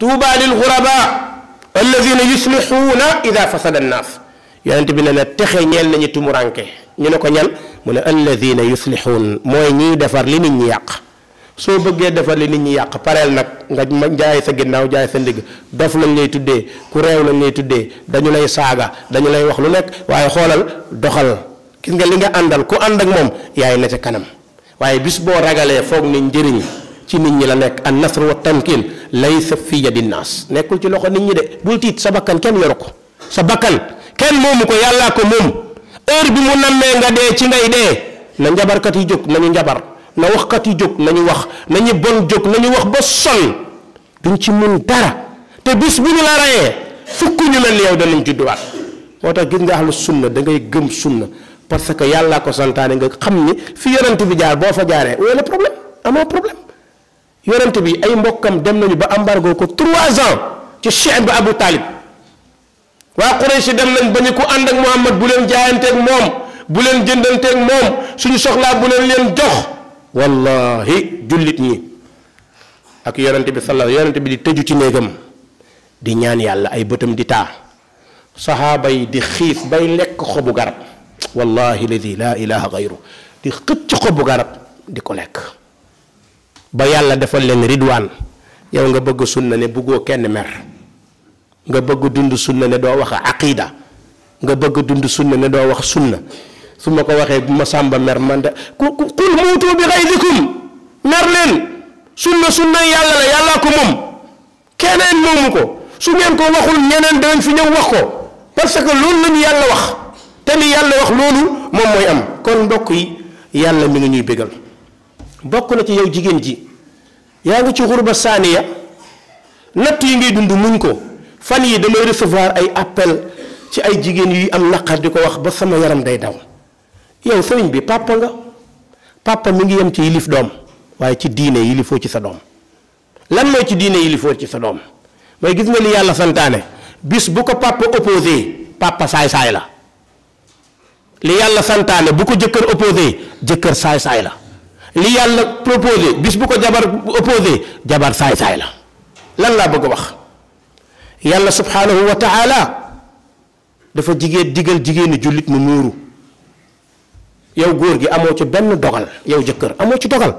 طوبى للغرباء الذين يصلحون اذا فسد الناس يعني انت بنا نتخي نيل ني تومرانكي ني نكو نيل مولا الذين يصلحون موي ني دفر لي نيت ياق سو بوغي دفر لي نيت ياق بارال نك غا جاي سا غيناو جاي سا ديغ دف لا نلي تودي كو ريو لا نلي تودي دانيو لاي ساغا دانيو لاي واخ لو نك واي خولال دوخال كيس غا ليغا اندال كو اندك موم ياي نتا كانم واي بيس بو راغالي فوك ني نديرني تي نيت ني لا نك النصر والتمكين laysa fi yadin nas nekul ci loxo nit ñi de bul tit sa bakkan kenn yoro ko sa bakkan kenn moomu ko yalla ko mom heure bi mu nammee nga de ci ngay de na kat yi jóg nañu njabar na kat yi jóg nañu wax nañu bon jóg nañu wax ba sol duñ ci mun dara te bis bu ñu la rayé fukku ñu mel yow danañ judduwaat moo gis nga ahlu sunna da ngay gëm sunna parce que yalla ko santane nga xamni fi yonent bi jaar bo fa jaaré wala problème amoo problème yonent bi ay mbokkam dem nañu ba embargo ko trois ans ci cheikh ba abou talib waa quraysh dem nañ ba ñu ku ànd ak muhammad bu leen jaayanteeg moom bu leen jëndanteeg moom suñu soxlaa bu leen leen jox wallahi jullit ñi ak yonent bi sala yonent bi di tëju ci néegam di ñaan yàlla ay bëtam di taa saxaaba yi di xiif bay lekk xobu garab wallahi ladi la ilaha gayru di xëcc xobu garab di ko lekk ba yalla defal len ridwan yow nga bëgg sunna ne bëggo kenn mer nga bëgg dund sunna ne do wax aqida nga bëgg dund sunna ne do wax sunna su ma ko waxee ma samba mer man da ku qul mutu bi xayrikum mer len sunna sunna yalla la yalla ko mom keneen moomu ko su ngeen ko waxul ñeneen danañ fi ñew wax ko parce que loolu ñu wax yalla wax loolu mom moy am kon mbokk yi mi ngi ñuy bëggal bokk na ci yow jigéen ji yaa ngi ci xurba saaniya natt yi ngay dund muñ ko fan yi damay recevoir ay appel ci ay jigéen yuy am naqar di ko wax ba sama yaram day daw yow sëriñ bi papa nga papa mi ngi yem ci yilif doom waaye ci diine yilifoo ci sa doom lan mooy ci diine yilifoo ci sa doom mooy gis nga li yàlla santaane bis bu ko papa opposé papa saay-saay la li yàlla santaane bu ko jëkkër opposé jëkkër saay-saay la li yàlla proposé bis bu ko jabar opposé jabar saay-saay la lan laa bëgg a wax yàlla subhaanahu wa taala dafa jigéen digal jigéenu jullit mu muuru yow góor gi amoo ci benn dogal yow jëkkër amoo ci dogal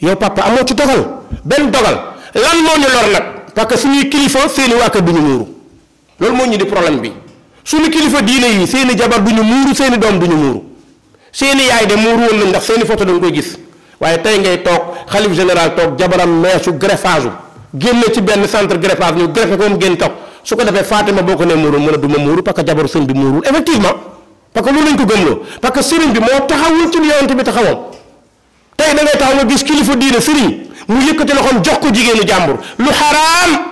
yow papa amoo ci dogal benn dogal lan moo ñu lor nag parce que suñuy kilifa seeni waa kër du ñu muuru loolu moo ñu di problème bi suñu kilifa diine yi seeni jabar du ñu muuru seeni doom du ñu muuru seeni yaay de muuru woon nañ ndax seeni photo dañ koy gis waaye tey ngay toog xalif général toog jabaram meesu greffage génn ci benn centre greffage ñu greffé ko mu génn toog su ko defee Fatima boo ko nee muurul mu ne du ma muuru parce que jabaru sëñ bi muurul effectivement parce que loolu lañ ko gëmloo parce que sëriñ bi moo taxawul ci yonent bi taxawoon tey da ngay taxaw nga gis kilifa diine sëriñ mu yëkkati loxoom jox ko jigéenu jàmbur lu xaraam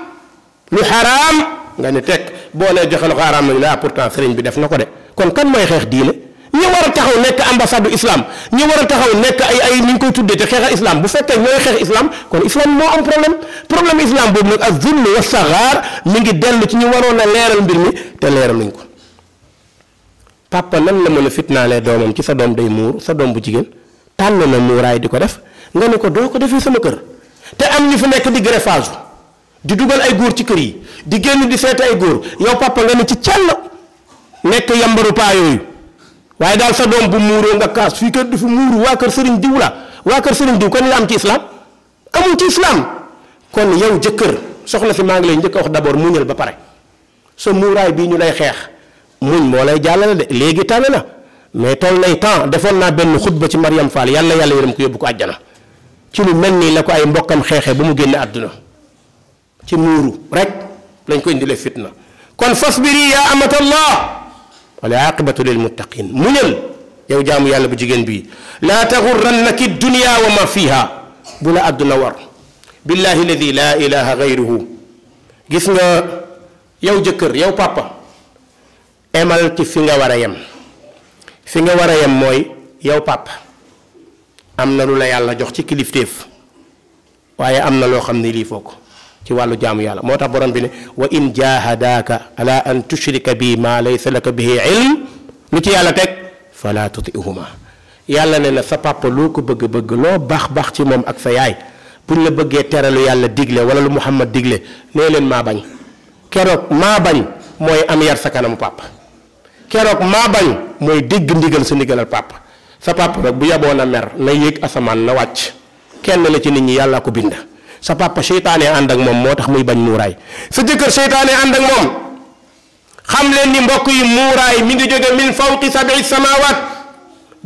lu xaraam nga ne teg boo nee joxe loxo xaraam nañu ne ah pourtant sëriñ bi def na ko de kon kan mooy xeex diine. ñi war a taxaw nekk ambassade islam ñi war a taxaw nekk ay ay ni ñu koy tuddee te xeex islam bu fekkee ñooy xeex islam kon islam moo am problème problème islam boobu nag ak zulm wa saxaar mi ngi dellu ci ñu waroon a leeral mbir mi te leeral nañ ko papa nan la mën a fitnaalee doomam ci sa doom day muur sa doom bu jigéen tànn na muuraay di ko def nga ne ko doo ko defee sama kër te am ñu fi nekk di greffage di dugal ay góor ci kër yi di génn di seet ay góor yow papa nga ne ci càll nekk yambaru yooyu. waye dal sa dom bu muuro nga kaas fi fii du dafa muuro wa keur serigne diw la wa keur serigne diw kon la am ci islam amu ci islam kon yow jeuker soxna fi mang lay jeuk wax d'abord muñal ba pare so muuray bi ñu lay xex muñ mo lay jàllale de legi tànn mais tol lay temps defon na ben khutba ci maryam Fall yàlla yàlla yërëm ko yóbbu ko aljana ci lu melni la ko ay mbokam xeexee bu mu génn aduna ci muuru rek lañ ko le fitna kon fasbiri yaa amatallah والعاقبة للمتقين منل يو جام يالا بجيجن بي لا تغرنك الدنيا وما فيها بلا عبد النور بالله الذي لا إله غيره جسنا يو جكر يو بابا امال تي فينغا ورايم فينغا موي يو بابا امنا لولا يالا جوختي كليفتيف waye amna lo xamni li ci walu jaamu yàlla motax borom bi ne wa in jahadaka ala an tushrika bi ma laysa laka bihi ilm lu ci yàlla tek fala tutihuma yàlla ne la sa papa loo ko beug beug lo bax bax ci mom ak sa yaay buñ la beugé teralu yàlla digle wala lu muhammad digle né len ma bañ kérok ma bañ moy am yar sa kanam papa kérok ma bañ moy dégg ndigal sa ndigalal papa sa papa rek bu yaboon a mer la yek asaman la wàcc kenn la ci nit ñi yàlla ko binda sa papa seytaane ànd ak moom moo tax muy bañ muuraay sa jëkkër seytaane ànd ak moom xam leen ni mbokk yi muuraay mi ngi jóge min fawqi sabi samawaat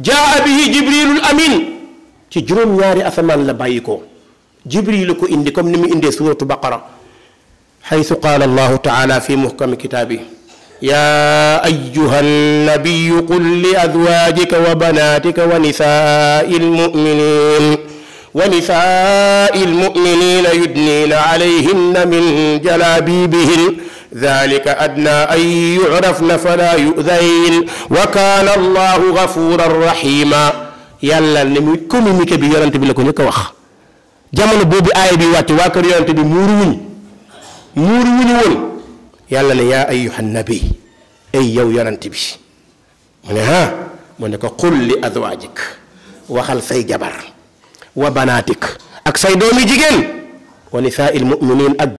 jaa bihi jibrilul amin ci juróom-ñaari asamaan la bàyyi ko jibril ko indi comme ni mu indee suuratu baqara xaytu qaala allahu taala fi muhkami kitaabi yaa ayyuha nnabiyu qul li azwaajika wa banaatika wa nisaai lmuminin ونساء المؤمنين يدنين عليهن من جلابيبهن ذلك أدنى أن يعرفن فلا يؤذين وكان الله غفورا رحيما يلا نمكمي مكبي يرانت بلكم يكوخ جمال بوبي آي بي واتي واكر يرانت بي موروني موروني ون يلا يا أيها النبي أي يو يرانت بي من ها من قل لأذواجك وخل سي جبر وبناتك أكسيدومي دومي جيجين ونساء المؤمنين